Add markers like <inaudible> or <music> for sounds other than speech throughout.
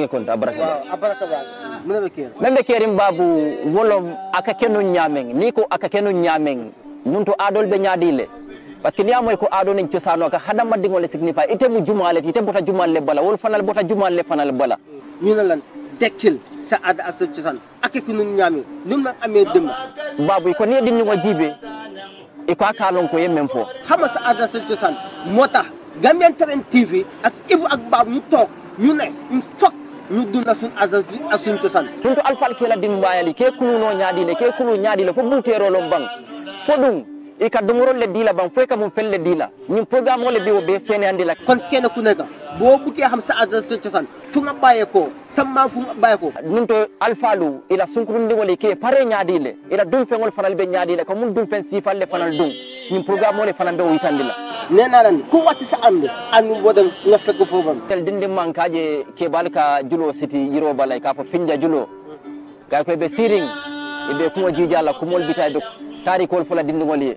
ñe kon ta baraka baraka membe kerim babu wolom aka kenu nyameng ni ko aka kenu nyameng nunto adol be nyaadile parce que ni amoy ko ado nen ciosano ka hada madingo le signifa ite mu jumaale ite bota jumaale bala wol fanal bota jumaale fanal bala ni lan dekkil sa ada aso ciosan ake kunu nyami num na ame dem babu ko ni dinni ngo jibe e ko aka lon ko yemmen fo xama sa ada aso ciosan mota gambian tren tv ak ibu ak babu ñu tok ñu ne fok min dunna sun asasdi asun cosan ɗum to alfalkela dimbaya li ke kuluno ñaadile ke i ka domorol le di la ban foyi ka mun fel le di la ñin programme o le bi wo be seeneyandi la kon kene ku nega boo bukkee xam sa adresse cosan fu nga bàyyee koo samma fu nga bàyyee koo nun to alfaalu ila sunkurundiŋol i kee pare ñaadi le ila dum feŋol fanal be ñaadi le ko mun dum feŋ siifal le fanal dum ñin programme o le fanan be wo yitandi la nenarani ko watti sa annde anni woden nga feggo fofam tel dindin man kaje kebal ka julo siti yiro balay ka fo finja julo gay koye ɓe siring eɓe kumo jiijalla kumol bita ɓe taarikol fola dindigol ye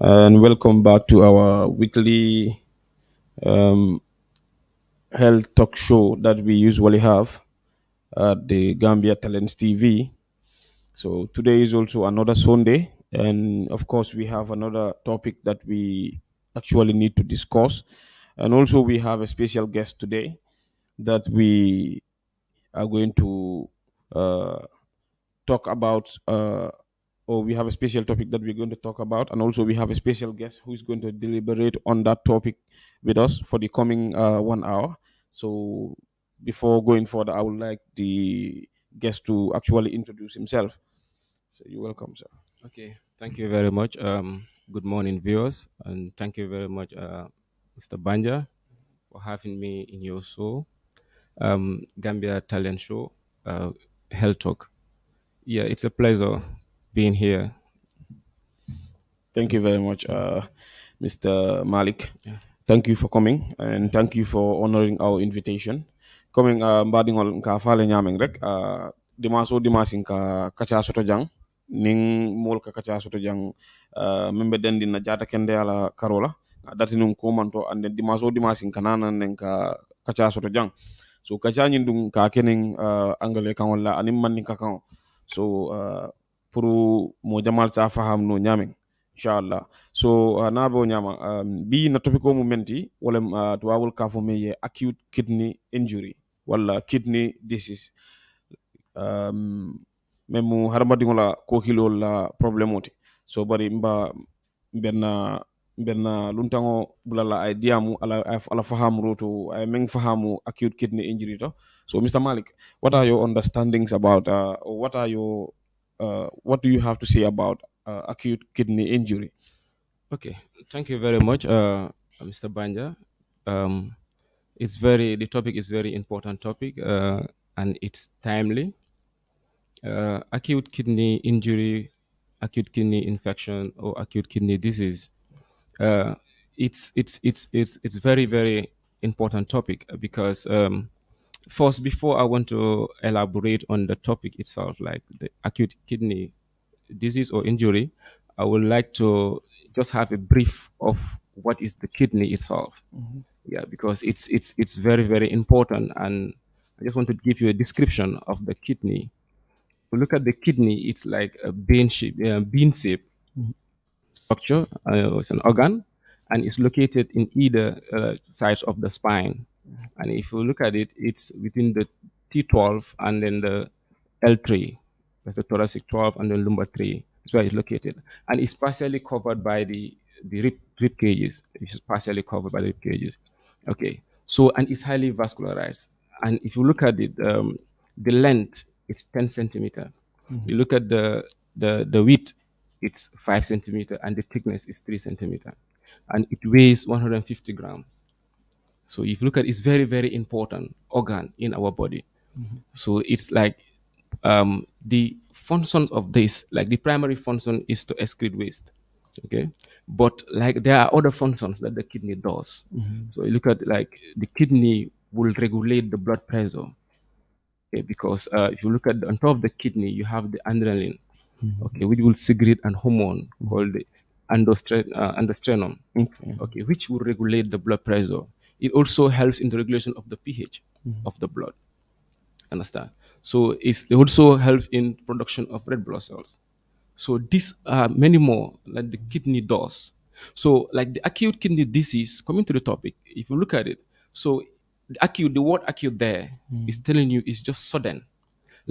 and welcome back to our weekly um, health talk show that we usually have at the Gambia Talents TV. So today is also another Sunday, and of course we have another topic that we actually need to discuss, and also we have a special guest today that we are going to uh, talk about. Uh, or oh, we have a special topic that we're going to talk about, and also we have a special guest who's going to deliberate on that topic with us for the coming uh, one hour. So, before going further, I would like the guest to actually introduce himself. So, you're welcome, sir. Okay, thank you very much. Um, good morning, viewers, and thank you very much, uh, Mr. Banja, for having me in your show, um, Gambia Talent Show, uh, Health Talk. Yeah, it's a pleasure being here. Thank you very much, uh, Mr. Malik. Yeah. Thank you for coming and thank you for honoring our invitation. Coming uh, mbadingol ka fale nyameng rek uh, dimaso dimasin ka kacha soto jang ning mol ka kacha soto jang uh, membe dendi na jata kende ala karola dati nun ko manto ande dimaso dimasin kanana nen ka kacha soto jang so kacha nyindum ka kenen angale kan wala anim manni ka kan so uh, pour mo jamal sa faham no nyamin inshallah so uh, na bo nyama um, bi na topico mu menti wala uh, to ka fo meye acute kidney injury wala kidney disease um memu harmadi ngola ko kilo la problème so bari mba benna benna luntango bulala ay diamu ala ala faham to ay meng fahamu acute kidney injury to so mr malik what are your understandings about uh, what are your uh, what do you have to say about uh, acute kidney injury? Okay, thank you very much, uh, Mr. Banja. Um, it's very the topic is very important topic uh, and it's timely. Uh, acute kidney injury, acute kidney infection, or acute kidney disease. Uh, it's it's it's it's it's very very important topic because um, first before i want to elaborate on the topic itself like the acute kidney disease or injury i would like to just have a brief of what is the kidney itself mm-hmm. yeah because it's it's it's very very important and i just want to give you a description of the kidney look at the kidney it's like a bean shape uh, bean shape mm-hmm. structure uh, it's an organ and it's located in either uh, sides of the spine and if you look at it, it's within the T12 and then the L3. That's the thoracic 12 and the lumbar 3. That's where it's located. And it's partially covered by the, the rib, rib cages. It's partially covered by the rib cages. Okay. So, and it's highly vascularized. And if you look at it, um, the length is 10 centimeter. Mm -hmm. You look at the, the, the width, it's 5 centimeter, and the thickness is 3 centimeter. And it weighs 150 grams. So if you look at, it, it's very very important organ in our body. Mm-hmm. So it's like um, the function of this, like the primary function is to excrete waste. Okay, but like there are other functions that the kidney does. Mm-hmm. So you look at like the kidney will regulate the blood pressure. Okay, because uh, if you look at the, on top of the kidney, you have the adrenaline. Mm-hmm. Okay, which will secrete an hormone called the androstren- uh, Okay. okay, which will regulate the blood pressure it also helps in the regulation of the pH mm -hmm. of the blood. Understand? So it also helps in production of red blood cells. So these are many more like the kidney does. So like the acute kidney disease, coming to the topic, if you look at it, so the acute, the word acute there mm. is telling you is just sudden.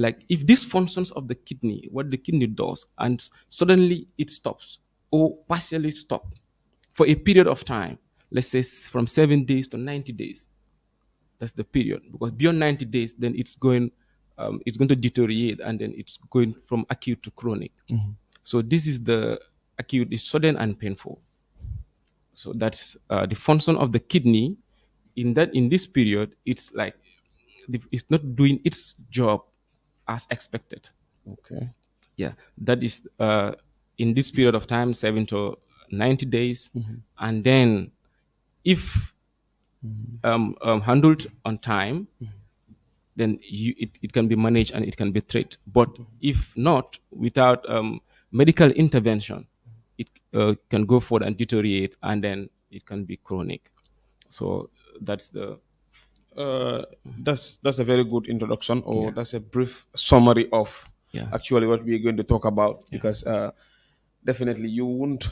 Like if these functions of the kidney, what the kidney does, and suddenly it stops or partially stop for a period of time, let's say from seven days to 90 days. That's the period because beyond 90 days, then it's going, um, it's going to deteriorate and then it's going from acute to chronic. Mm -hmm. So this is the acute, it's sudden and painful. So that's uh, the function of the kidney. In that, in this period, it's like it's not doing its job as expected. Okay. Yeah, that is uh, in this period of time, seven to 90 days. Mm -hmm. And then if um, um, handled on time, then you, it, it can be managed and it can be treated. But if not, without um, medical intervention, it uh, can go forward and deteriorate, and then it can be chronic. So that's the. Uh, that's that's a very good introduction, or yeah. that's a brief summary of yeah. actually what we're going to talk about, yeah. because uh, definitely you won't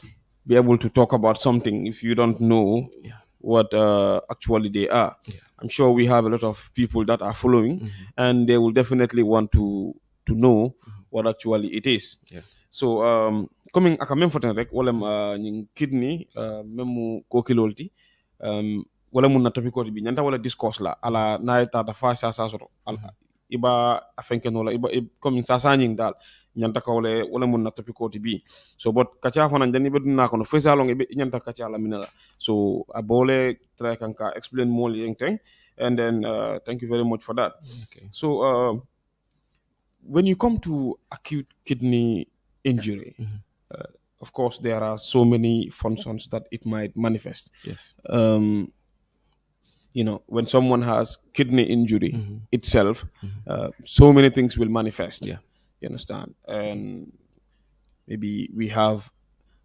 be able to talk about something if you don't know yeah. what uh, actually they are. Yeah. I'm sure we have a lot of people that are following, mm -hmm. and they will definitely want to to know mm -hmm. what actually it is. Yeah. So um, coming I can foten rek wala uh, ñing kidney uh, memu ko kilolti um wala mun na topic ko bi ñanta wala discourse la ala naita da fa sa sa soro mm-hmm. iba afenken wala iba comme sa sa ñing dal ñanta kawle wala mun na topi koti bi so bot kacha fana jani be dunna kono fesa long be ñanta kacha la minala so abole try kan ka explain more yeng and then uh, thank you very much for that okay. so uh, when you come to acute kidney injury mm -hmm. uh, of course there are so many functions that it might manifest yes um, you know when someone has kidney injury mm -hmm. itself mm -hmm. so many things will manifest yeah you understand? And maybe we have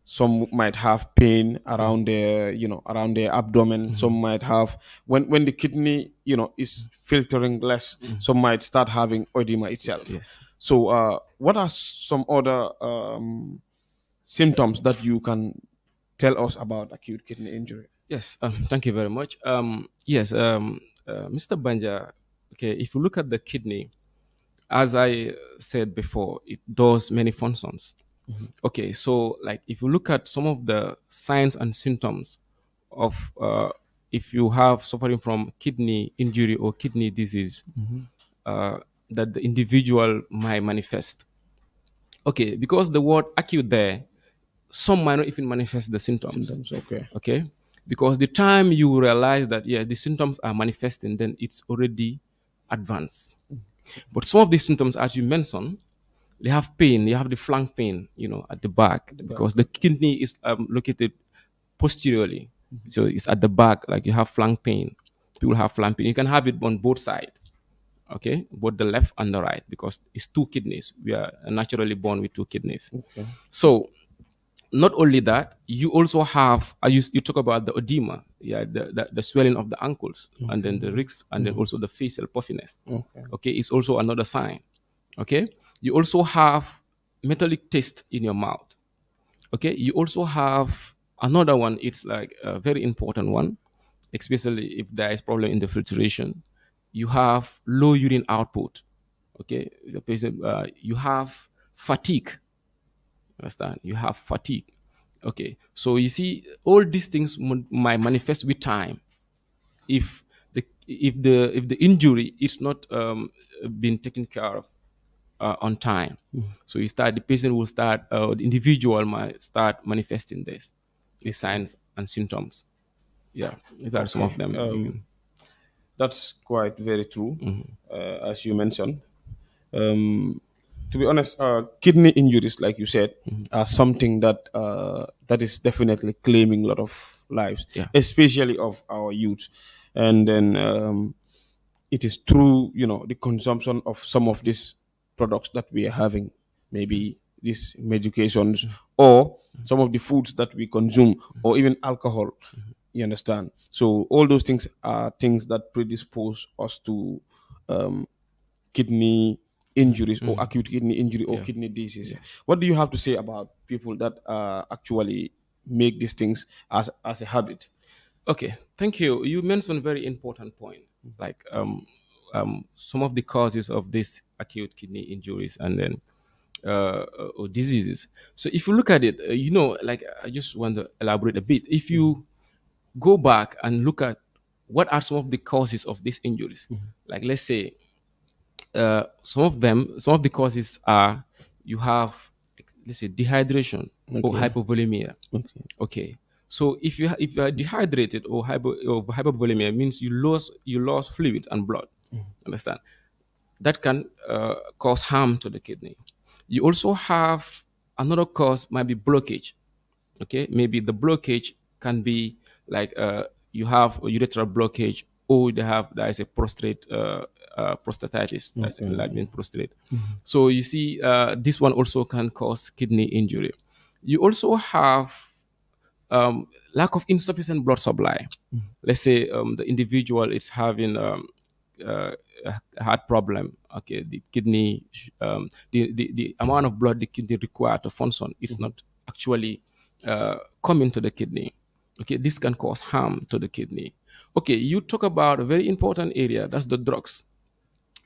some might have pain around mm. their you know around their abdomen mm -hmm. some might have when when the kidney you know is filtering less mm -hmm. some might start having edema itself yes so uh, what are some other um, symptoms that you can tell us about acute kidney injury yes um, thank you very much um, yes um, uh, mr banja okay if you look at the kidney as I said before, it does many functions. Mm -hmm. Okay, so like if you look at some of the signs and symptoms of uh, if you have suffering from kidney injury or kidney disease mm -hmm. uh, that the individual might manifest. Okay, because the word acute there, some might not even manifest the symptoms. symptoms okay. Okay. Because the time you realize that yes, yeah, the symptoms are manifesting, then it's already advanced. Mm -hmm. But some of these symptoms, as you mentioned, they have pain. You have the flank pain, you know, at the back the because the kidney is um, located posteriorly. Mm -hmm. So it's at the back, like you have flank pain. People have flank pain. You can have it on both sides, okay, both the left and the right, because it's two kidneys. We are naturally born with two kidneys. Okay. So not only that, you also have you, you talk about the edema, yeah, the, the, the swelling of the ankles, okay. and then the ricks and mm -hmm. then also the facial puffiness. Okay. okay, it's also another sign. Okay, you also have metallic taste in your mouth. Okay, you also have another one. It's like a very important one, especially if there is problem in the filtration. You have low urine output. Okay, the patient, uh, you have fatigue understand you have fatigue okay so you see all these things might manifest with time if the if the if the injury is not um, been taken care of uh, on time mm so you start the patient will start uh, the individual might start manifesting this these signs and symptoms yeah these are some of them um, that's quite very true mm -hmm. uh, as you mentioned um, to be honest, uh, kidney injuries, like you said, mm -hmm. are something that uh, that is definitely claiming a lot of lives, yeah. especially of our youth. And then um, it is through you know the consumption of some of these products that we are having, maybe these medications mm-hmm. or some of the foods that we consume, mm-hmm. or even alcohol. Mm-hmm. You understand? So all those things are things that predispose us to um, kidney injuries mm. or acute kidney injury or yeah. kidney disease. Yes. What do you have to say about people that uh, actually make these things as, as a habit? Okay, thank you. You mentioned very important point, mm. like um, um, some of the causes of these acute kidney injuries and then uh, uh, or diseases. So if you look at it, uh, you know, like I just want to elaborate a bit. If you mm. go back and look at what are some of the causes of these injuries, mm -hmm. like let's say uh, some of them, some of the causes are you have, let's say, dehydration okay. or hypovolemia. Okay. okay. So if you if you are dehydrated or, hypo, or hypovolemia means you lose you lost fluid and blood. Mm -hmm. Understand? That can uh, cause harm to the kidney. You also have another cause might be blockage. Okay, maybe the blockage can be like uh, you have a urethral blockage or they have there is a prostate. uh, uh, prostatitis, mm-hmm. as in prostate. Mm-hmm. So you see, uh, this one also can cause kidney injury. You also have um, lack of insufficient blood supply. Mm-hmm. Let's say um, the individual is having um, uh, a heart problem. Okay, the kidney, um, the, the, the amount of blood the kidney require to function is mm-hmm. not actually uh, coming to the kidney. Okay, this can cause harm to the kidney. Okay, you talk about a very important area, that's the drugs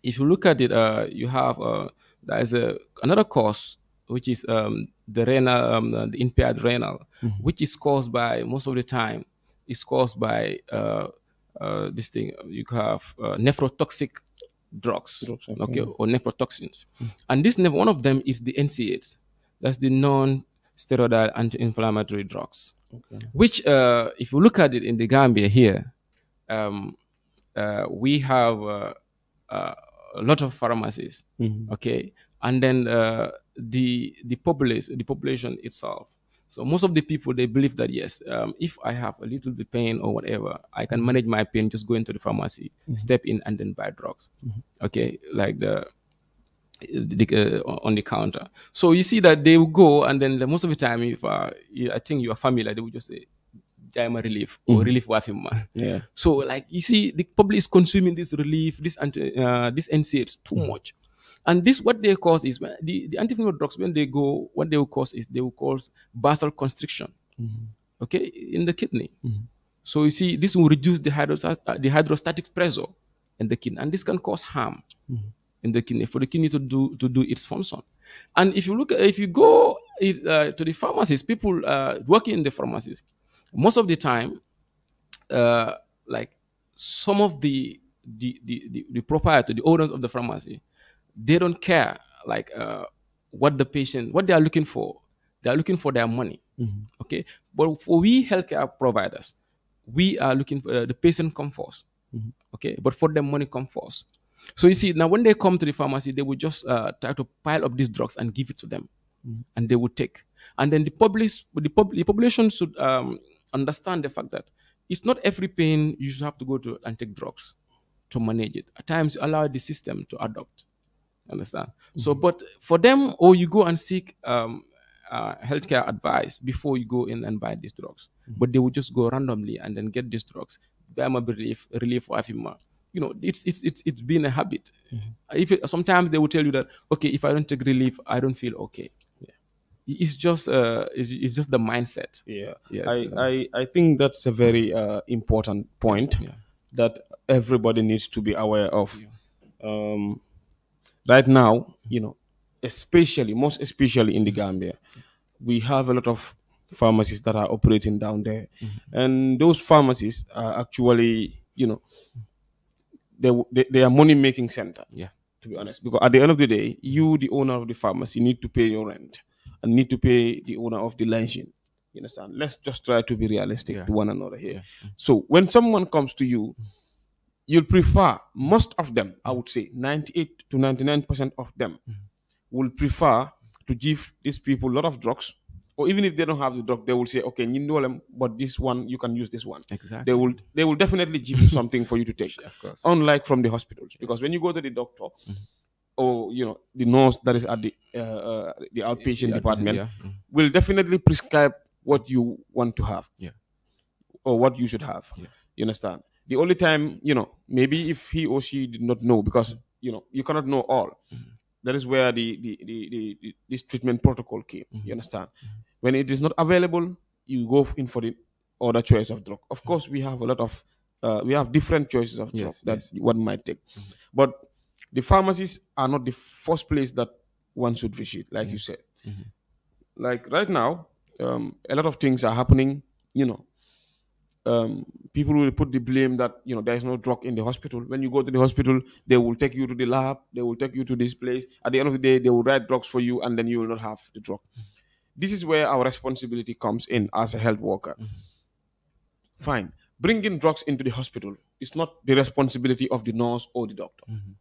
if you look at it, uh, you have uh, there is a, another cause which is um, the renal, um, uh, the impaired renal, mm -hmm. which is caused by most of the time is caused by uh, uh this thing. You have uh, nephrotoxic drugs, drugs okay, or nephrotoxins, mm -hmm. and this one of them is the NSAIDs. That's the non-steroidal anti-inflammatory drugs, okay. which, if you look at it in the Gambia here, um, we have. Uh, a lot of pharmacies mm -hmm. okay and then uh, the the populace the population itself so most of the people they believe that yes um, if i have a little bit pain or whatever i can manage my pain just go into the pharmacy mm -hmm. step in and then buy drugs mm -hmm. okay like the the, uh, on the counter so you see that they will go and then the, most of the time if uh, i think you are familiar they will just say Jaima relief or mm. relief Wafima. Yeah. So like you see, the public is consuming this relief, this anti, uh, this NSAIDs too mm. much. And this what they cause is when the, the antifungal drugs, when they go, what they will cause is they will cause basal constriction. Mm. Okay, in the kidney. Mm-hmm. So you see, this will reduce the, uh, the hydrostatic pressure in the kidney. And this can cause harm in the kidney for the kidney to do to do its function. And if you look, if you go uh, to the pharmacies, people uh, working in the pharmacies, most of the time, uh, like some of the the, the, the, the proprietor, the owners of the pharmacy, they don't care like uh, what the patient, what they are looking for. They are looking for their money, mm -hmm. okay. But for we healthcare providers, we are looking for uh, the patient come 1st mm -hmm. okay. But for them, money come first. So you see, now when they come to the pharmacy, they will just uh, try to pile up these drugs and give it to them, mm -hmm. and they will take. And then the public, the, pub, the population should um, understand the fact that it's not every pain you should have to go to and take drugs to manage it. At times, you allow the system to adopt. Understand? Mm-hmm. So, but for them, or you go and seek um, uh, healthcare advice before you go in and buy these drugs. Mm-hmm. But they will just go randomly and then get these drugs. Them my relief, relief for afima. You know, it's it's it's it's been a habit. Mm-hmm. If it, sometimes they will tell you that okay, if I don't take relief, I don't feel okay it's just uh, it's, it's just the mindset. Yeah, yes. I, I I think that's a very uh, important point yeah. that everybody needs to be aware of. Yeah. Um, right now, you know, especially most especially in the mm-hmm. Gambia, we have a lot of pharmacies that are operating down there, mm-hmm. and those pharmacies are actually you know they they, they are money making center. Yeah. To be honest, because at the end of the day, you, the owner of the pharmacy, need to pay your rent and need to pay the owner of the license. You understand? Let's just try to be realistic yeah. to one another here. Yeah. Mm. So when someone comes to you, mm. you'll prefer most of them, I mm. would say 98 to 99% of them mm -hmm. will prefer to give these people a lot of drugs. Or even if they don't have the drug, they will say, okay, you know them, but this one you can use this one. Exactly. They will they will definitely give you something for you to <laughs> take. of course. Unlike from the hospitals. Yes. Because when you go to the doctor, mm -hmm or you know the nurse that is at the uh, uh the outpatient department yeah. mm -hmm. will definitely prescribe what you want to have yeah. or what you should have yes you understand the only time you know maybe if he or she did not know because you know you cannot know all mm -hmm. that is where the the, the, the, the this treatment protocol came mm -hmm. you mm-hmm. understand mm-hmm. when it is not available you go in for the other choice of drug of mm-hmm. course we have a lot of uh, we have different choices of yes, that's yes. one might take but the pharmacies are not the first place that one should visit, like yeah. you said. Mm-hmm. Like right now, um, a lot of things are happening. You know, um, people will put the blame that you know there is no drug in the hospital. When you go to the hospital, they will take you to the lab, they will take you to this place. At the end of the day, they will write drugs for you, and then you will not have the drug. Mm-hmm. This is where our responsibility comes in as a health worker. Mm-hmm. Fine, bringing drugs into the hospital is not the responsibility of the nurse or the doctor. Mm-hmm.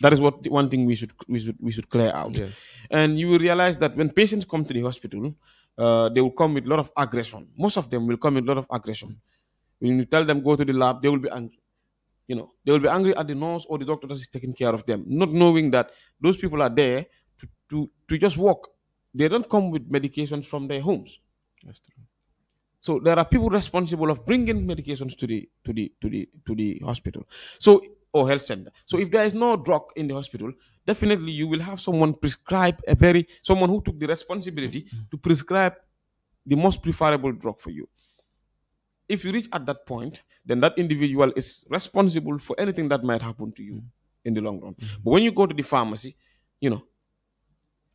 That is what one thing we should we should we should clear out. Yes. And you will realize that when patients come to the hospital, uh, they will come with a lot of aggression. Most of them will come with a lot of aggression. When you tell them go to the lab, they will be angry. You know, they will be angry at the nurse or the doctor that is taking care of them, not knowing that those people are there to to, to just walk. They don't come with medications from their homes. That's true. So there are people responsible of bringing medications to the to the to the to the hospital. So or health center. So if there is no drug in the hospital, definitely you will have someone prescribe a very someone who took the responsibility to prescribe the most preferable drug for you. If you reach at that point, then that individual is responsible for anything that might happen to you in the long run. Mm-hmm. But when you go to the pharmacy, you know,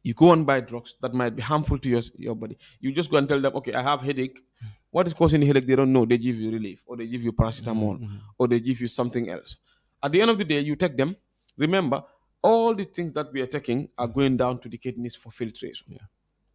you go and buy drugs that might be harmful to your, your body. You just go and tell them, okay, I have headache. Mm. What is causing the headache? They don't know. They give you relief, or they give you paracetamol, mm-hmm. or they give you something else. At the end of the day, you take them. Remember, all the things that we are taking are going down to the kidneys for filtration. Yeah.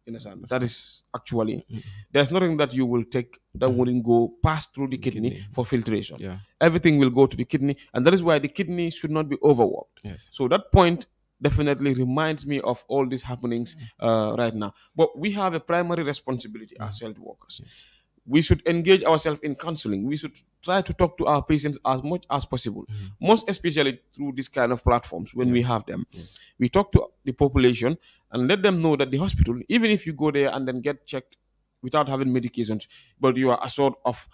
Understand? That is actually mm-hmm. there's nothing that you will take that mm-hmm. wouldn't go past through the, kidney, kidney, for filtration. Yeah. Everything will go to the kidney, and that is why the kidney should not be overworked. Yes. So that point definitely reminds me of all these happenings mm-hmm. uh, right now. But we have a primary responsibility as health workers. Yes we should engage ourselves in counseling. We should try to talk to our patients as much as possible, mm -hmm. most especially through this kind of platforms when yeah. we have them. Yeah. We talk to the population and let them know that the hospital, even if you go there and then get checked without having medications, but you are assured of,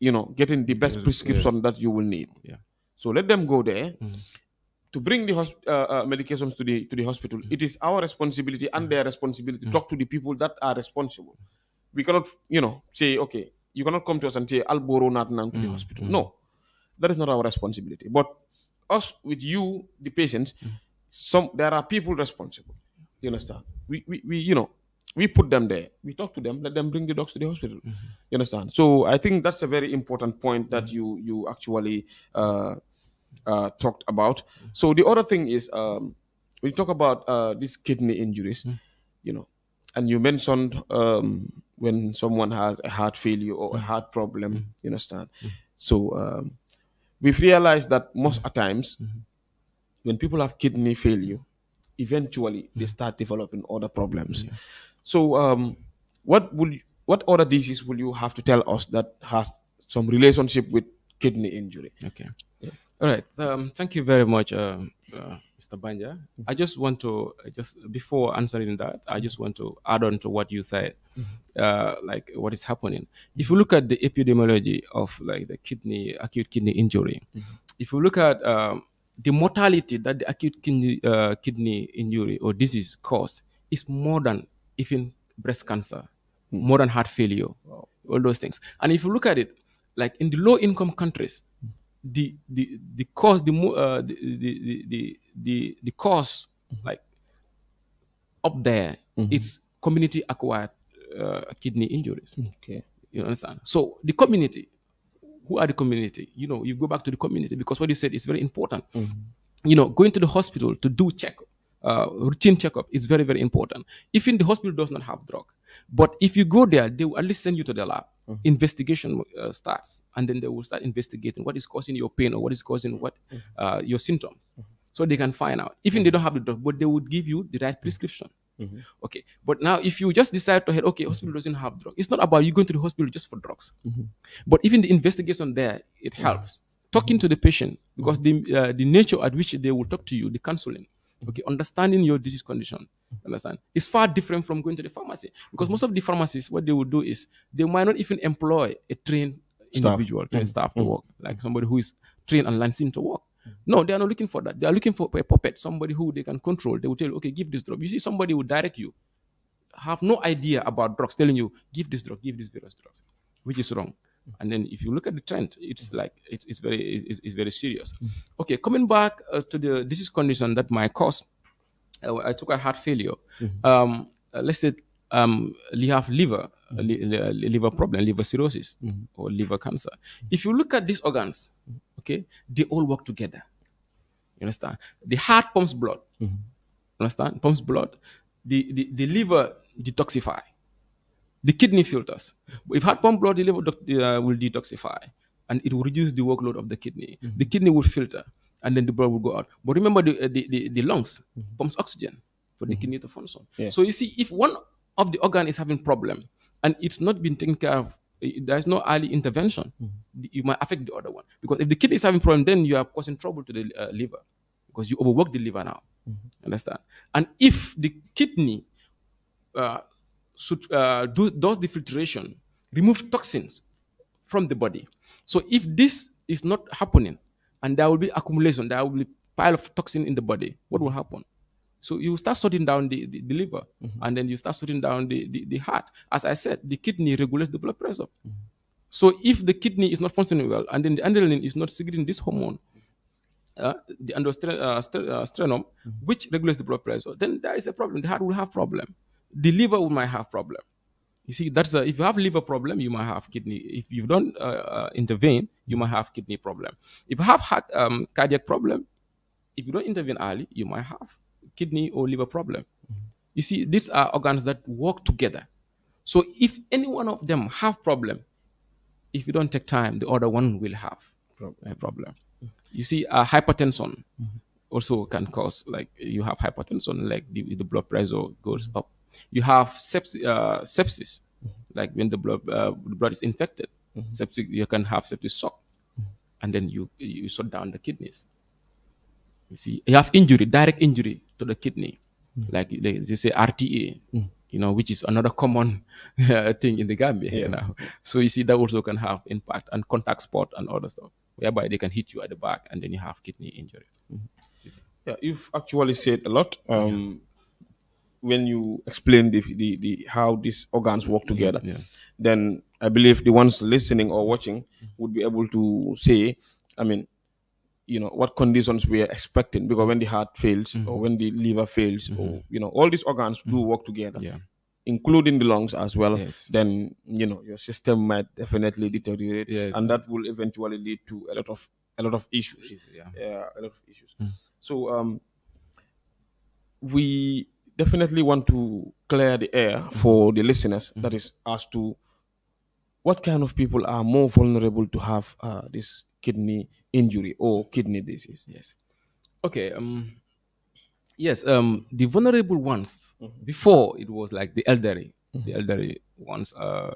you know, getting the best yes, prescription yes. that you will need. Yeah. So let them go there. Mm -hmm. To bring the uh, uh, medications to the to the hospital, mm -hmm. it is our responsibility and mm-hmm. their responsibility to mm-hmm. talk to the people that are responsible. Mm-hmm we cannot, you know, say, okay, you cannot come to us and say, I'll borrow now to the hospital. Mm. No, that is not our responsibility. But us, with you, the patients, mm. some there are people responsible. You understand? We, we, we, you know, we put them there. We talk to them, let them bring the dogs to the hospital. Mm -hmm. You understand? So I think that's a very important point that mm. you, you actually uh, uh, talked about. So the other thing is, um, we talk about uh, these kidney injuries, mm. you know, and you mentioned um, when someone has a heart failure or a mm. heart problem. Mm -hmm. You understand? Mm -hmm. So um, we've realized that most of mm. times, mm-hmm. when people have kidney failure, mm. eventually they start developing other problems. Yeah. So um, what would what other disease will you have to tell us that has some relationship with kidney injury? Okay. Yeah. All right. Um, thank you very much, uh, uh, Mr. Banja. I just want to uh, just before answering that, I just want to add on to what you said, mm -hmm. uh, like what is happening. If you look at the epidemiology of like the kidney acute kidney injury, mm -hmm. if you look at um, the mortality that the acute kidney uh, kidney injury or disease caused is more than even breast cancer, mm -hmm. more than heart failure, wow. all those things. And if you look at it, like in the low income countries mm-hmm the the the cost the uh, the, the the the the cost mm -hmm. like up there mm -hmm. it's community acquired uh, kidney injuries mm, okay you understand so the community who are the community you know you go back to the community because what you said is very important mm -hmm. you know going to the hospital to do checkup uh, routine checkup is very, very important. Even the hospital does not have drug. But if you go there, they will at least send you to the lab. Mm -hmm. Investigation uh, starts, and then they will start investigating what is causing your pain or what is causing what mm-hmm. uh, your symptoms. Mm -hmm. So they can find out. Even mm-hmm. they don't have the drug, but they would give you the right prescription. Mm -hmm. Okay, but now if you just decide to head, okay, hospital mm-hmm. doesn't have drug. It's not about you going to the hospital just for drugs, but even the investigation there it helps. Talking to the patient because the uh, the nature at which they will talk to you, the counseling, okay understanding your disease condition understand it's far different from going to the pharmacy because most of the pharmacies what they will do is they might not even employ a trained staff. individual trained mm. staff to mm. work like somebody who is trained and licensed to work no, they are not looking for that. They are looking for a puppet, somebody who they can control. They will tell you, okay, give this drug. You see, somebody will direct you, have no idea about drugs, telling you, give this drug, give this various drugs, which is wrong. And then if you look at the trend, it's mm. like it's, it's very it's, it's very serious. Mm. Okay, coming back uh, to the disease condition that might cause, uh, I took a heart failure. Mm-hmm. Um, uh, let's say um, you have liver mm. li li liver problem, liver cirrhosis, mm-hmm. or liver cancer. If you look at these organs, okay, they all work together. You understand? The heart pumps blood. Mm-hmm. Understand? Pumps blood. The, the, the liver detoxify the kidney filters. If heart pump blood, liver uh, will detoxify and it will reduce the workload of the kidney. Mm -hmm. The kidney will filter and then the blood will go out. But remember, the, uh, the, the, the lungs mm -hmm. pumps oxygen for the mm-hmm. kidney to function. Yeah. So you see, if one of the organ is having problem and it's not been taken care of, eh, there's no early intervention, mm -hmm. you might affect the other one. Because if the kidney is having problem, then you are causing trouble to the uh, liver because you overwork the liver now. Mm -hmm. Understand? And if the kidney uh, should uh, do does the filtration, remove toxins from the body. So if this is not happening, and there will be accumulation, there will be pile of toxin in the body. What will happen? So you start shutting down the, the, the liver, mm -hmm. and then you start shutting down the, the, the, heart. As I said, the kidney regulates the blood pressure. Mm -hmm. So if the kidney is not functioning well, and then the adrenaline is not secreting this hormone, uh, the endostrenum, uh, mm -hmm. which regulates the blood pressure, then there is a problem. The heart will have problem the liver might have problem. You see, that's a, if you have liver problem, you might have kidney. If you don't uh, uh, intervene, you might have kidney problem. If you have heart, um, cardiac problem, if you don't intervene early, you might have kidney or liver problem. Mm -hmm. You see, these are organs that work together. So if any one of them have problem, if you don't take time, the other one will have problem. a problem. Mm -hmm. You see, uh, hypertension mm -hmm. also can cause like you have hypertension, like the, the blood pressure goes mm-hmm. up you have sepsis, uh, sepsis like when the blood, uh, the blood is infected. Mm -hmm. Septic, you can have septic shock, mm -hmm. and then you you shut down the kidneys. You see, you have injury, direct injury to the kidney, mm -hmm. like they, they, say RTA. Mm-hmm. You know, which is another common uh, thing in the Gambia yeah. here now. So you see, that also can have impact and contact sport and other stuff, whereby they can hit you at the back, and then you have kidney injury. Mm-hmm. You yeah, you've actually said a lot. Um, yeah when you explain the, the, the how these organs work together, yeah. then I believe the ones listening or watching would be able to say, I mean, you know what conditions we are expecting because when the heart fails mm -hmm. or mm-hmm. when the liver fails mm -hmm. or mm-hmm. you know all these organs do mm-hmm. work together yeah. including the lungs as well yes. then you know your system might definitely deteriorate yes. and that will eventually lead to a lot of a lot of issues yeah, yeah a lot of issues mm. so um we definitely want to clear the air for the listeners. Mm-hmm. That is, as to what kind of people are more vulnerable to have uh, this kidney injury or kidney disease. Yes. Okay. Um. Yes. Um. The vulnerable ones. Mm-hmm. Before it was like the elderly, mm-hmm. the elderly ones. Uh,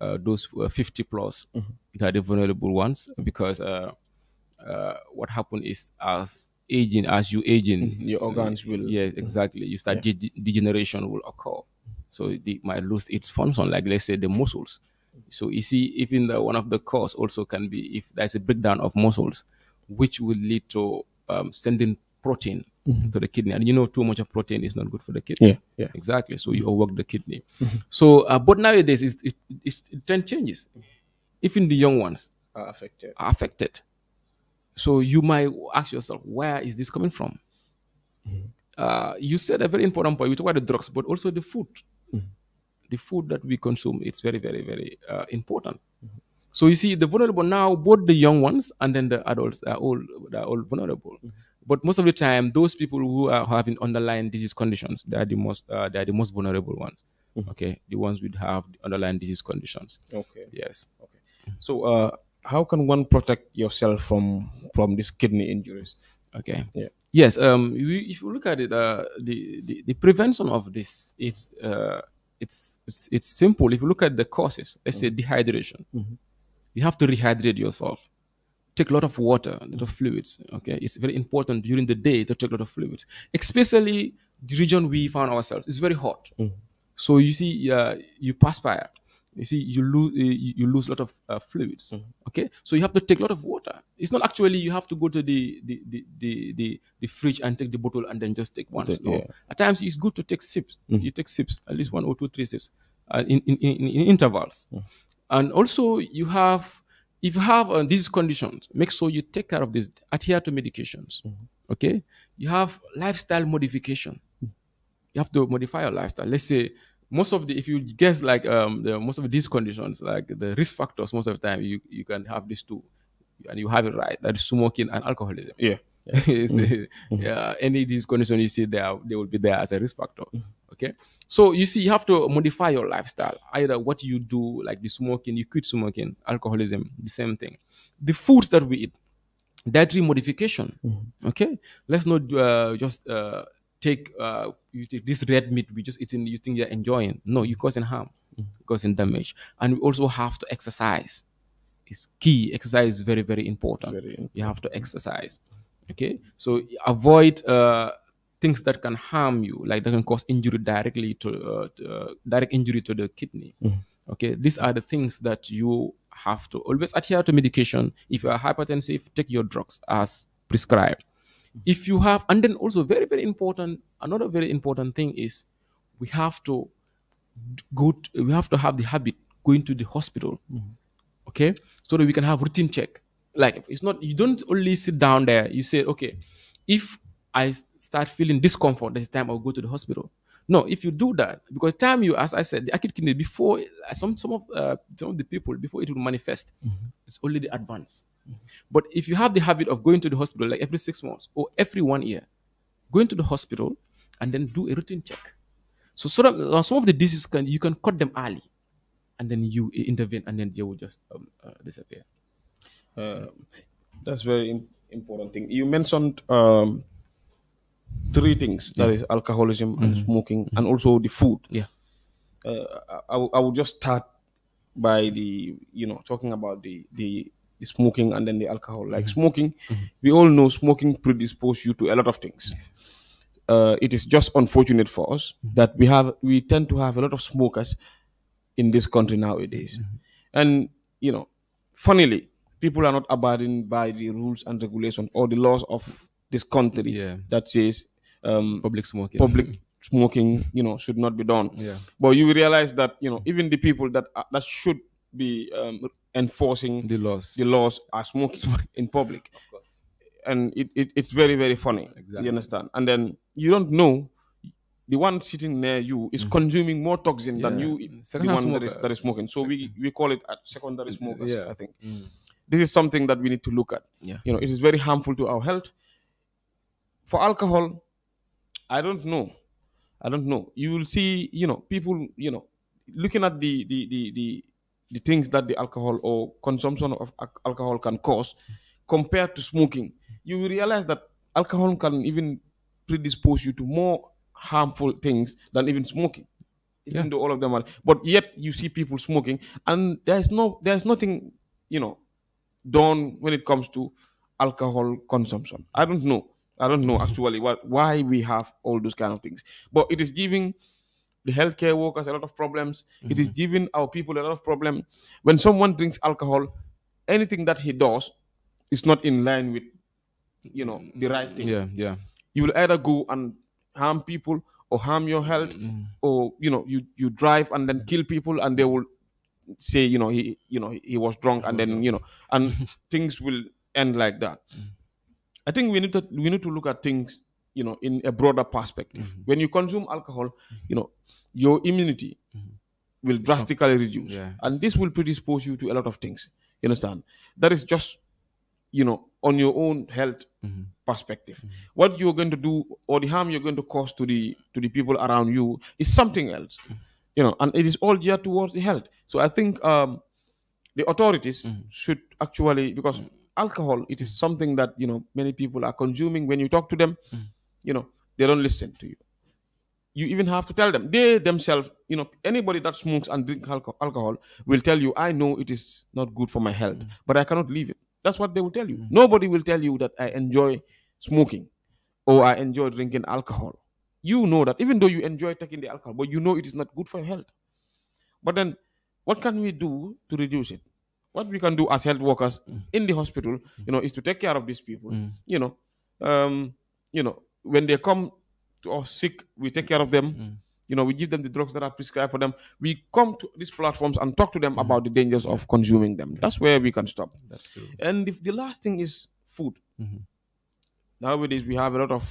uh those were 50 plus. Mm-hmm. They are the vulnerable ones because uh, uh, what happened is as aging, as you aging, mm-hmm. your uh, organs will. Yeah, mm-hmm. exactly. You start yeah. de degeneration will occur. So it might lose its function, like let's say the muscles. So you see, even the, one of the cause also can be if there's a breakdown of muscles, which will lead to um, sending protein mm -hmm. to the kidney. And you know, too much of protein is not good for the kidney. Yeah, yeah. exactly. So you overwork the kidney. Mm -hmm. So, uh, but nowadays, it's, it, it's, it trend changes. Even the young ones are affected. Are affected. So you might ask yourself, where is this coming from? Mm. Uh, you said a very important point. We talk about the drugs, but also the food. Mm. The food that we consume, it's very, very, very uh, important. Mm. So you see, the vulnerable now, both the young ones and then the adults are all, are all vulnerable. Mm-hmm. But most of the time, those people who are having underlying disease conditions, they are the most, uh, they are the most vulnerable ones. Okay, the ones who have underlying disease conditions. Okay. Yes. Okay. So uh, how can one protect yourself from from these kidney injuries? Okay. Yeah. Yes. Um. We, if you look at it, uh, the, the the prevention of this, it's uh, it's it's it's simple. If you look at the causes, let's say mm-hmm. dehydration, mm -hmm. you have to rehydrate yourself. Take a lot of water, a lot of fluids. Okay, it's very important during the day to take a lot of fluids, especially the region we found ourselves. It's very hot, mm -hmm. so you see, uh, you perspire you see you lose eh, you lose a lot of uh, fluids mm -hmm. okay so you have to take a lot of water it's not actually you have to go to the the the the, the, the fridge and take the bottle and then just take one the, no. yeah. at times it's good to take sips mm -hmm. you take sips at least one or two three sips uh, in, in, in, in, intervals mm. and also you have if you have uh, these conditions make sure you take care of this adhere to medications mm. okay you have lifestyle modification mm. you have to modify your lifestyle let's say most of the if you guess like um, the, most of these conditions, like the risk factors, most of the time you you can have these two, and you have it right. That is smoking and alcoholism. Yeah. yeah. <laughs> the, mm-hmm. Mm-hmm. yeah any of these conditions you see there, they will be there as a risk factor. Mm-hmm. Okay. So you see, you have to modify your lifestyle. Either what you do, like the smoking, you quit smoking, alcoholism, the same thing. The foods that we eat, dietary modification. Mm -hmm. Okay, let's not uh, just uh, take uh, you take this red meat we just eating you think you're enjoying no you're causing harm mm -hmm. causing damage and we also have to exercise it's key exercise is very very important. very important, you have to exercise okay so avoid uh, things that can harm you like that can cause injury directly to, uh, to uh, direct injury to the kidney mm -hmm. okay these are the things that you have to always adhere to medication if you are hypertensive take your drugs as prescribed if you have, and then also very, very important, another very important thing is we have to go, to, we have to have the habit going to the hospital, mm -hmm. okay? So that we can have routine check. Like it's not, you don't only sit down there. You say, okay, if I start feeling discomfort, this time I'll go to the hospital. No, if you do that, because time you, as I said, the acute kidney before some some of uh, some of the people before it will manifest, mm -hmm. it's already advanced. But if you have the habit of going to the hospital like every six months or every one year, going to the hospital and then do a routine check. So, so uh, some of the diseases can you can cut them early, and then you intervene, and then they will just um, uh, disappear. Uh, that's very important thing. You mentioned um, three things: yeah. that is alcoholism mm-hmm. and smoking, mm-hmm. and also the food. Yeah. Uh, I, I will just start by the you know talking about the the the smoking and then the alcohol. Like mm -hmm. smoking, mm -hmm. we all know smoking predisposes you to a lot of things. Uh, it is just unfortunate for us mm-hmm. that we have we tend to have a lot of smokers in this country nowadays, mm-hmm. and you know, funnily, people are not abiding by the rules and regulations or the laws of this country yeah. that says um, public smoking. Public smoking, you know, should not be done. Yeah. But you realize that you know even the people that that should be um, enforcing the laws the laws are smoking <laughs> in public of course and it, it, it's very very funny exactly. you understand and then you don't know the one sitting near you is mm-hmm. consuming more toxin yeah. than you the one that is, that is smoking so we we call it secondary smokers yeah. i think mm. this is something that we need to look at yeah. you know it is very harmful to our health for alcohol i don't know i don't know you will see you know people you know looking at the the the, the the things that the alcohol or consumption of alcohol can cause compared to smoking, you realize that alcohol can even predispose you to more harmful things than even smoking. Yeah. Even though all of them are, but yet you see people smoking, and there's no, there's nothing, you know, done when it comes to alcohol consumption. I don't know. I don't know actually what why we have all those kind of things, but it is giving the healthcare workers a lot of problems. Mm-hmm. It is mm-hmm. giving our people a lot of problem. When someone drinks alcohol, anything that he does is not in line with, you know, the right thing. Yeah, yeah. You will either go and harm people or harm your health, mm-hmm. or you know, you you drive and then kill people, and they will say, you know, he you know he was drunk, and was then you know, and <laughs> things will end like that. Mm-hmm. I think we need to we need to look at things you know in a broader perspective mm -hmm. when you consume alcohol mm-hmm. you know your immunity mm -hmm. will drastically reduce yeah. and this will predispose you to a lot of things you understand that is just you know on your own health mm-hmm. perspective mm-hmm. what you're going to do or the harm you're going to cause to the to the people around you is something else you know and it is all geared towards the health so i think um the authorities should actually because alcohol it is something that you know many people are consuming when you talk to them mm you know, they don't listen to you. You even have to tell them. They themselves, you know, anybody that smokes and drink alcohol will tell you, I know it is not good for my health, mm. but I cannot leave it. That's what they will tell you. Mm. Nobody will tell you that I enjoy smoking or I enjoy drinking alcohol. You know that, even though you enjoy taking the alcohol, but you know it is not good for your health. But then, what can we do to reduce it? What we can do as health workers mm. in the hospital, you know, is to take care of these people, mm. you know, um, you know, when they come to us sick, we take care of them. Mm. You know, we give them the drugs that are prescribed for them. We come to these platforms and talk to them mm. about the dangers of consuming them. That's where we can stop. That's true. And if the last thing is food. Mm-hmm. Nowadays, we have a lot of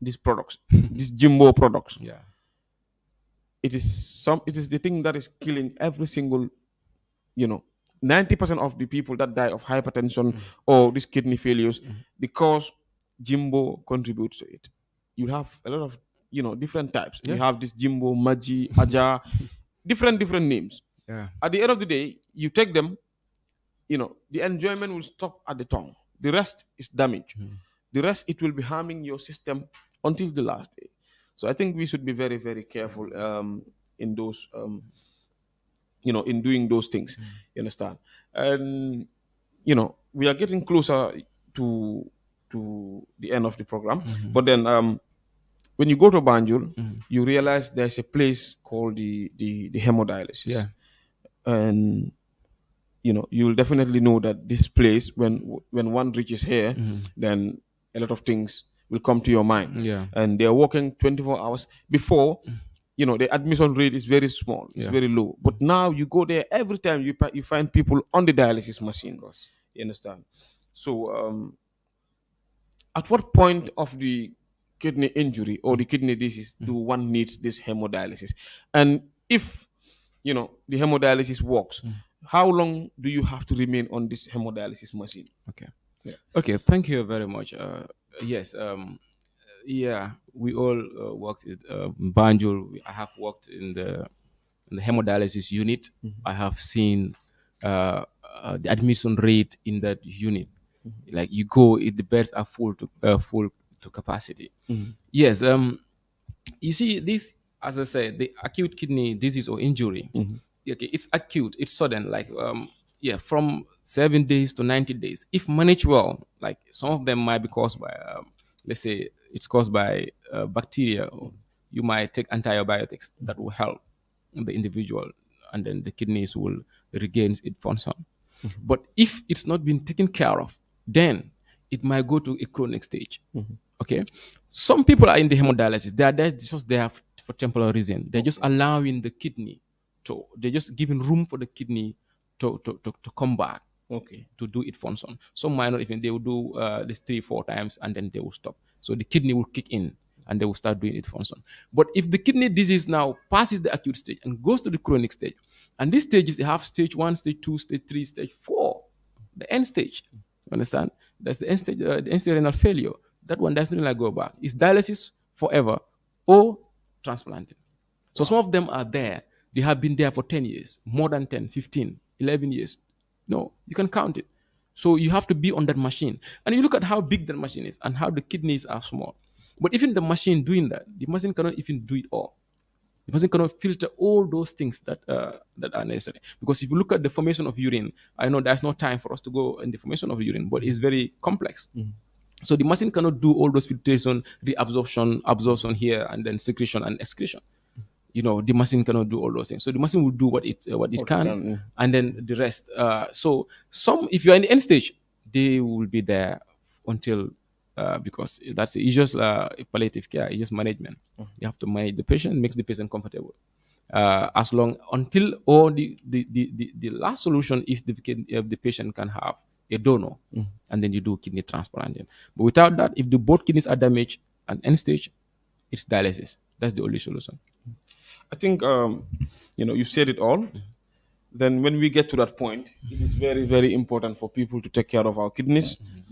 these products, <laughs> these Jimbo products. Yeah. It is some. It is the thing that is killing every single, you know, 90% of the people that die of hypertension mm or these kidney failures mm because Jimbo contributes to it. You have a lot of you know different types. Yeah. You have this Jimbo, Maji, Aja, <laughs> different different names. Yeah. At the end of the day, you take them, you know, the enjoyment will stop at the tongue. The rest is damage. Mm. The rest it will be harming your system until the last day. So I think we should be very very careful um, in those, um, you know, in doing those things. Mm. You understand? And you know, we are getting closer to to the end of the program. Mm -hmm. But then um, when you go to Banjul, mm -hmm. you realize there's a place called the, the, the hemodialysis. Yeah. And you know you'll definitely know that this place when when one reaches here mm -hmm. then a lot of things will come to your mind yeah and they're working 24 hours before mm. you know the admission rate is very small it's yeah. very low but now you go there every time you you find people on the dialysis machine you understand so um at what point of the kidney injury or the kidney disease do one need this hemodialysis? And if you know the hemodialysis works, mm. how long do you have to remain on this hemodialysis machine? Okay. Yeah. Okay. Thank you very much. Uh, yes. Um, yeah, we all uh, worked at uh, Banjul. I have worked in the, in the hemodialysis unit. Mm -hmm. I have seen uh, uh, the admission rate in that unit. Like you go, it, the beds are full to uh, full to capacity. Mm-hmm. Yes. Um, you see, this as I said, the acute kidney disease or injury. Mm-hmm. Okay, it's acute. It's sudden. Like um, yeah, from seven days to ninety days. If managed well, like some of them might be caused by, um, let's say, it's caused by uh, bacteria. you might take antibiotics that will help the individual, and then the kidneys will regain its function. Mm-hmm. But if it's not been taken care of, then it might go to a chronic stage. Mm -hmm. Okay. Some people are in the hemodialysis. They are there just there for temporal reason. They're just allowing the kidney to, they're just giving room for the kidney to, to, to, to come back. Okay. To do it function. Some minor, even they will do uh, this three, four times and then they will stop. So the kidney will kick in and they will start doing it function. But if the kidney disease now passes the acute stage and goes to the chronic stage, and these stages, they have stage one, stage two, stage three, stage four, the end stage. Mm -hmm Understand? That's the end-stage uh, the renal failure. That one doesn't like go back. It's dialysis forever or transplanting. So some of them are there. They have been there for 10 years, more than 10, 15, 11 years. No, you can count it. So you have to be on that machine. And you look at how big that machine is and how the kidneys are small. But even the machine doing that, the machine cannot even do it all. The person cannot filter all those things that uh, that are necessary. Because if you look at the formation of urine, I know there's no time for us to go in the formation of urine, but it's very complex. Mm -hmm. So the machine cannot do all those filtration, reabsorption, absorption here, and then secretion and excretion. You know, the machine cannot do all those things. So the machine will do what it uh, what it can, yeah. and then the rest. Uh, so some, if you are in the end stage, they will be there until uh, because that's it's just uh, palliative care, it's just management. Mm -hmm. You have to manage the patient, makes the patient comfortable. Uh, as long until or the, the, the, the, last solution is the, if uh, the patient can have a donor, mm -hmm. and then you do kidney transplant. But without that, if the both kidneys are damaged at end stage, it's dialysis. That's the only solution. Mm-hmm. I think um, you know you've said it all. Mm -hmm. Then when we get to that point, it is very very important for people to take care of our kidneys. Mm -hmm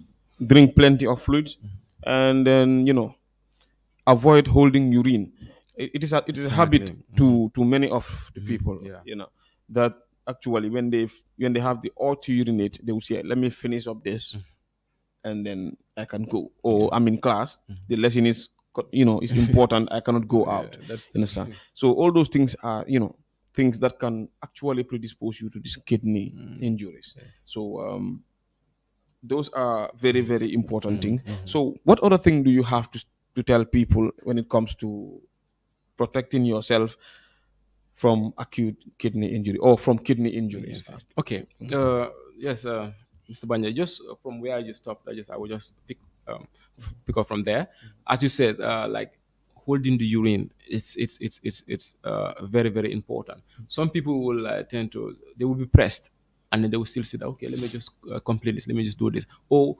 drink plenty of fluids, and then you know, avoid holding urine. it, it is a, it is a habit to mm-hmm. to many of the mm-hmm. people. Yeah. You know that actually when they when they have the urge to urinate, they will say, "Let me finish up this, mm. and then I can go." Or I'm in class. Mm-hmm. The lesson is you know it's important. I cannot go out. Yeah, that's understand. So all those things are you know things that can actually predispose you to this kidney mm. injuries. Yes. So um, those are very mm-hmm. very important mm-hmm. mm-hmm. So what other thing do you have to to tell people when it comes to protecting yourself from acute kidney injury or from kidney injuries? Yes. Okay. Uh, yes, uh, Mr. Banya. Just from where you stopped, I just I will just pick um, pick up from there. Mm-hmm. As you said, uh, like holding the urine it's it's it's it's, it's uh, very very important some people will uh, tend to they will be pressed and then they will still say that okay let me just uh, complete this let me just do this Oh,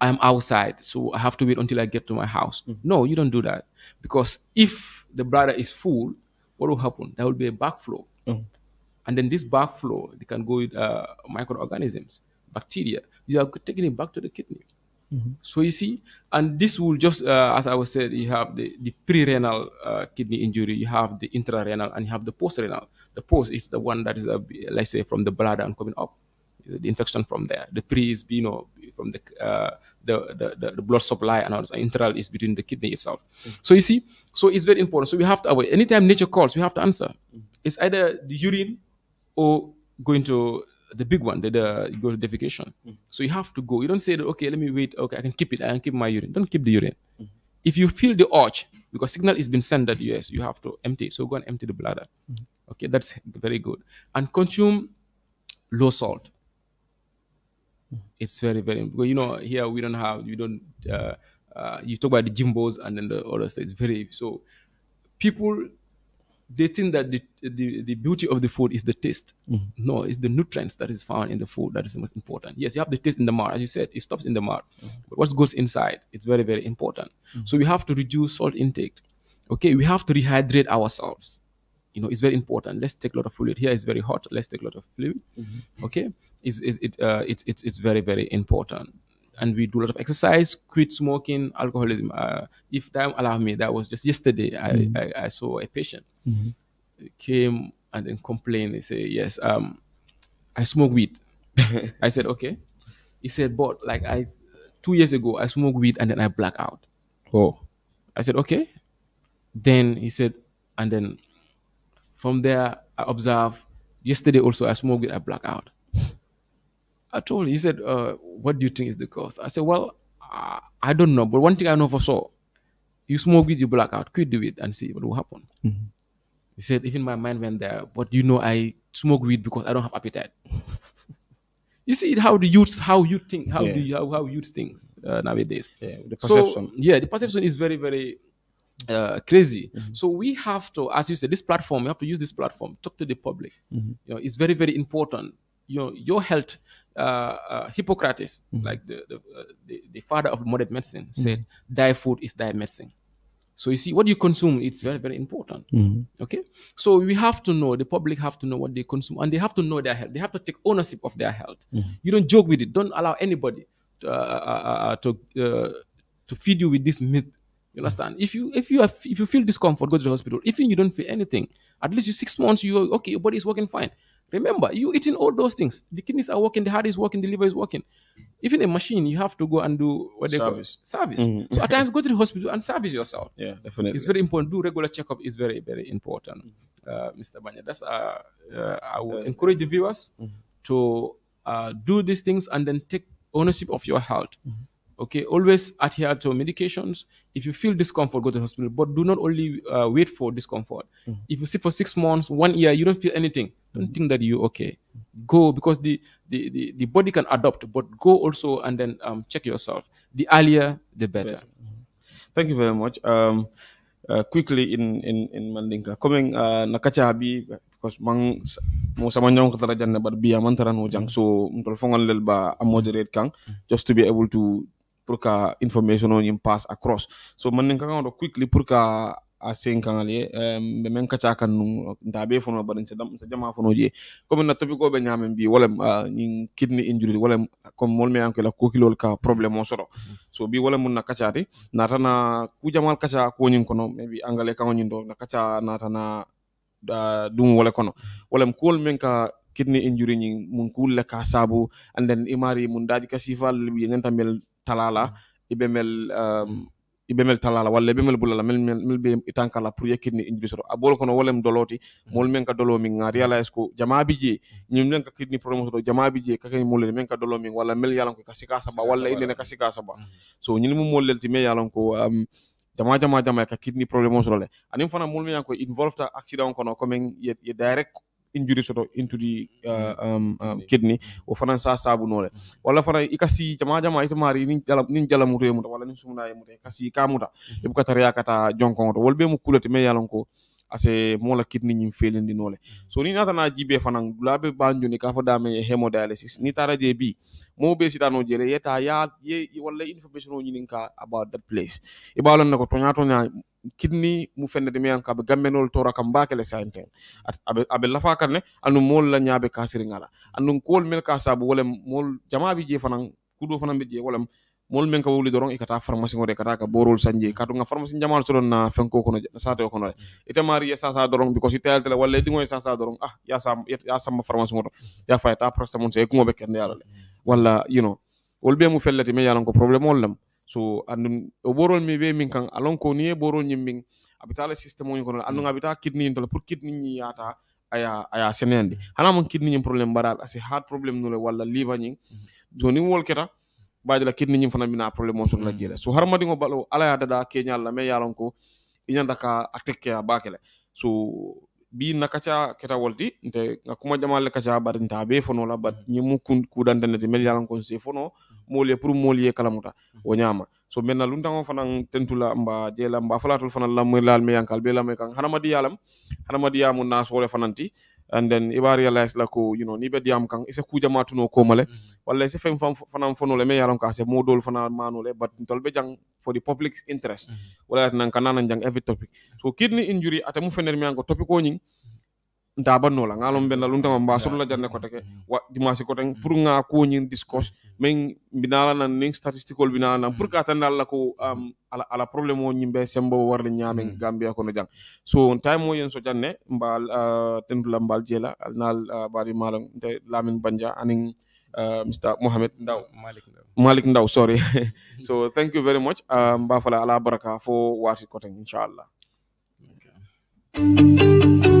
i'm outside so i have to wait until i get to my house mm -hmm. no you don't do that because if the bladder is full what will happen there will be a backflow mm -hmm. and then this backflow they can go with uh, microorganisms bacteria you are taking it back to the kidney Mm-hmm. So you see, and this will just, uh, as I was said, you have the, the pre-renal uh, kidney injury, you have the intrarenal, renal and you have the post-renal. The post is the one that is, uh, let's say, from the bladder and coming up, the infection from there. The pre is, you know, from the uh, the, the, the, the, blood supply, and also Intral is between the kidney itself. Mm -hmm. So you see, so it's very important. So we have to, anytime nature calls, we have to answer. Mm -hmm. It's either the urine or going to the big one, the, the you go to defecation. Mm. So you have to go. You don't say, okay, let me wait. Okay, I can keep it. I can keep my urine. Don't keep the urine. Mm. If you feel the urge, because signal is been sent that yes, you have to empty. So go and empty the bladder. Mm. Okay, that's very good. And consume low salt. Mm. It's very very important. you know here we don't have you don't uh, uh, you talk about the jimbos and then the other stuff. It's very so people they think that the, the, the, beauty of the food is the taste. Mm. No, it's the nutrients that is found in the food that is the most important. Yes, you have the taste in the mouth. As you said, it stops in the mouth. Mm. But what goes inside, it's very, very important. Mm. So we have to reduce salt intake. Okay, we have to rehydrate ourselves. You know, it's very important. Let's take a lot of fluid. Here it's very hot. Let's take a lot of fluid. -hmm. Okay, it's, it's, it, uh, it's, it's, it's very, very important and we do a lot of exercise, quit smoking, alcoholism. Uh, if time allow me, that was just yesterday. Mm-hmm. I, I, I, saw a patient mm-hmm. came and then complained. They say, yes, um, I smoke weed. <laughs> I said, okay. He said, but like I, two years ago, I smoke weed and then I black out. Oh. I said, okay. Then he said, and then from there, I observe yesterday also I smoked weed, I black out. I told him, he said, uh, what do you think is the cause? I said, well, I, I don't know, but one thing I know for sure, you smoke weed, you black out, quit do it and see what will happen. Mm -hmm. He said, even my mind went there, but you know, I smoke weed because I don't have appetite. <laughs> you see how the youths, how you think, how yeah. you, how, how youth thinks uh, nowadays. Yeah, the perception. So, yeah, the perception is very, very uh, crazy. Mm -hmm. So we have to, as you said, this platform, we have to use this platform, talk to the public. Mm -hmm. You know, it's very, very important your your health uh, uh hippocrates mm -hmm. like the the, uh, the the, father of modern medicine mm-hmm. said mm -hmm. thy food is thy medicine so you see what you consume it's very very important mm-hmm. okay so we have to know the public have to know what they consume and they have to know their health they have to take ownership of their health mm-hmm. you don't joke with it don't allow anybody to uh, to, to feed you with this myth you understand? If you if you have, if you feel discomfort, go to the hospital. If you don't feel anything, at least you six months you okay, your body is working fine. Remember, you eating all those things. The kidneys are working, the heart is working, the liver is working. Even a machine, you have to go and do what they service. call service. Mm-hmm. So at times, go to the hospital and service yourself. Yeah, definitely. It's very important. Do regular checkup is very, very important, uh, Mr. Banya. That's uh, uh, I will encourage the viewers mm-hmm. to uh, do these things and then take ownership of your health. Mm-hmm okay always adhere to medications if you feel discomfort go to the hospital but do not only uh, wait for discomfort mm-hmm. if you sit for six months one year you don't feel anything don't think that you okay. Go because the, the, the, the body can adopt, but go also and then um, check yourself. The earlier, the better. Thank you very much. Um, uh, quickly in in in Mandinka, coming uh, nakacha abi because mang mo sama nyong katara jan bar biya mantaran ho jang mm. so mtol fongal lel ba a moderate kang just to be able to pour information on him pass across so Mandinka kan quickly pour ka a sen kan ale mbe men ka ca kan nun nta be fono bari nsa jama fono je comme na topico be ñamen bi wala ñin kidney injury wala comme mol me anke la kokilol ka problème o soro mm-hmm. so bi wala mun na kacati natana ku kaca ko ñin kono maybe angale kan ñin do na kaca natana uh, dum wala kono wala kuol men ka kidney injury ñin mun kulle ka sabu anden imari mun daji ka sifal bi ñantamel talala mm-hmm. ibemel um, ɓemel talala walla ibemel bulala mel mel itankala pour yakkirni injiri soto a ɓol kono wolem doloti mol hmm. men ka dolo min réalise ko jamabi je hmm. ñum nen ka kidni probléme soto jamabi je kakani mullede men ka dolo min walla mel yalan ko ka sika saba walla illene ka sika saba hmm. so ñil mum mollelti me yalan ko um, jama jama jama ka kidni soto le anin fana mulmiyan ko involve ta accident kono commen ye direct injury soto into the uh, mm-hmm. um, um, kidney mm-hmm. wo fana sa sabu nole wala fana ikasi jama jama ita mari nin jala nin jala muto wala nin sumuna yemuta kasi kamuta mm-hmm. e bu katariya kata jonkon to wolbe mu kulati me yalon ko ase mola kidney ñin felindi nole so ni nata na jibe fanan dulabe banju ni ka fo dame hemodialysis ni tara je bi mo be sitano jere yeta ya ye wala information o ñinin about that place e balon nako to nyato nya kidni mu fennede miyan kaɓe gammenol tora kam mbakele sahinten aɓe lafa kan ne andum mol la ñaaɓe kasiri ngala andum kowol mel ka saabu wolem mol jamaɓe je fanan kuɗo fanan ɓe je wolem mol men ka wuli doron e kata pharmacie ngode kata ka borol sanje kato nga pharmacie jamal soron na fenko kono na kono ite mari ya sasa doron because ite altela walla dingo sasa doron ah ya sam ya sam pharmacie ngodo ya fayta prostamon se ko be kende yalla walla you know wol mu fellati me yalan ko problème wol so andun o borol mi be min kan alon ko ni e borol nyim min abitala system woni kono andun mm. abita kidney to pour kidney ni yata aya aya senende mm. hala mon kidney nyim problem bara asi hard problem nule wala liver nyim mm. joni wol keta baadi la kidney nyim fana mina problem o sonna jere so harmadi ngo balo ala ya dada ke la me yalon ko inya daka atekke ya bakele so bi nakacha keta wolti nte nga kuma jamal kacha barinta be fono la bat nyimu kun kudandene mel yalan ko se fono moolu ye pour moolu ye kalamuta mhm. wo ñaama so maintenant luntaŋo fanaŋ tentula mba jela mba falatul fanaŋ lamoy laal me yankal be lamoy kaŋ hadamadiya lam hadamadiya mu naasole fanaŋ ti and then i b'a realize la ko you ni bɛ diyam kan i ku jama tuno le mhm. walla i se fɛn fana fono le ka se mo dol fana mano but ntol be jang for the public interest mhm. wala nan kanana jang every topic so kidney injury ata mu ba no la ngalon benda lunta ma mbasuru la ya. janne koteke mm-hmm. wa dimasi koten mm-hmm. pour nga ko ñi discourse mm-hmm. men binala nan ning statistical binala nan pour ka tan la ko am um, ala ala problème o nyimbe sembo warle ñame gambia ko no jang so on time mo yeen so janne mbal uh, la mbal jela nal uh, bari malam te lamine banja aning uh, Mr. Muhammad Ndaw. Malik Ndaw. Malik Ndaw, sorry. <laughs> so thank you very much. Um, uh, Bafala Ala Baraka fo wati ko inshallah. Okay.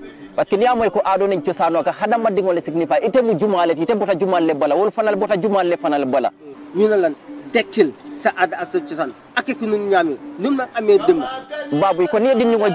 parce que ndiyam moy ko aɗonen cosano ka haɗa maddigole signifa itemu jumale ite bota jumale bala wol fanal bota jumale fanal bala ñina lan dekkil sa aada ak ake ko nun ñaami num nan amee dëmm babu ko ni dinni ngo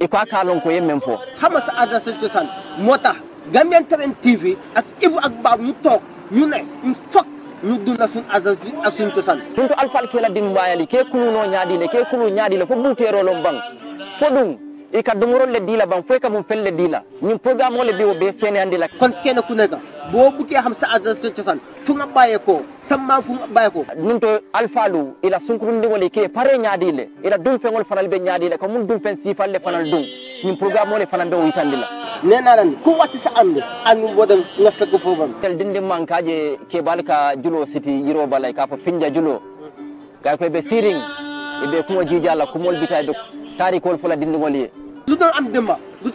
iko a ko ye fo xama sa aada sa cosan moo tax Gambian Talents TV ak Ibu ak Babu ñu toog ñu ne il faut ñu dunda sun aada ak tuntu alfal ke la din mbayali ke kulu no ñaadile fo buuteerolon bang i ka domorol le dila ban fo i ka mun fel le dila ñin programme le be o be sene andi la kon kene ku nega bo buke xam sa adresse cosan fu nga baye ko samma fu nga baye ko nun to alpha ila sunkurun ndi ke pare nyaadi le ila dum fengol faral be nyaadi le ko mun dum fen sifal le fanal dum ñin programme le fanan be wo itandi la nena nan wati sa ande anu bodam nga feggo fofam tel dindi mankaje ke balka julo siti yiro balay ka fo finja julo gay ko be siring ibe kuma jijala kumol bitay do tarikol fula dindigol ye lu doon am démba lu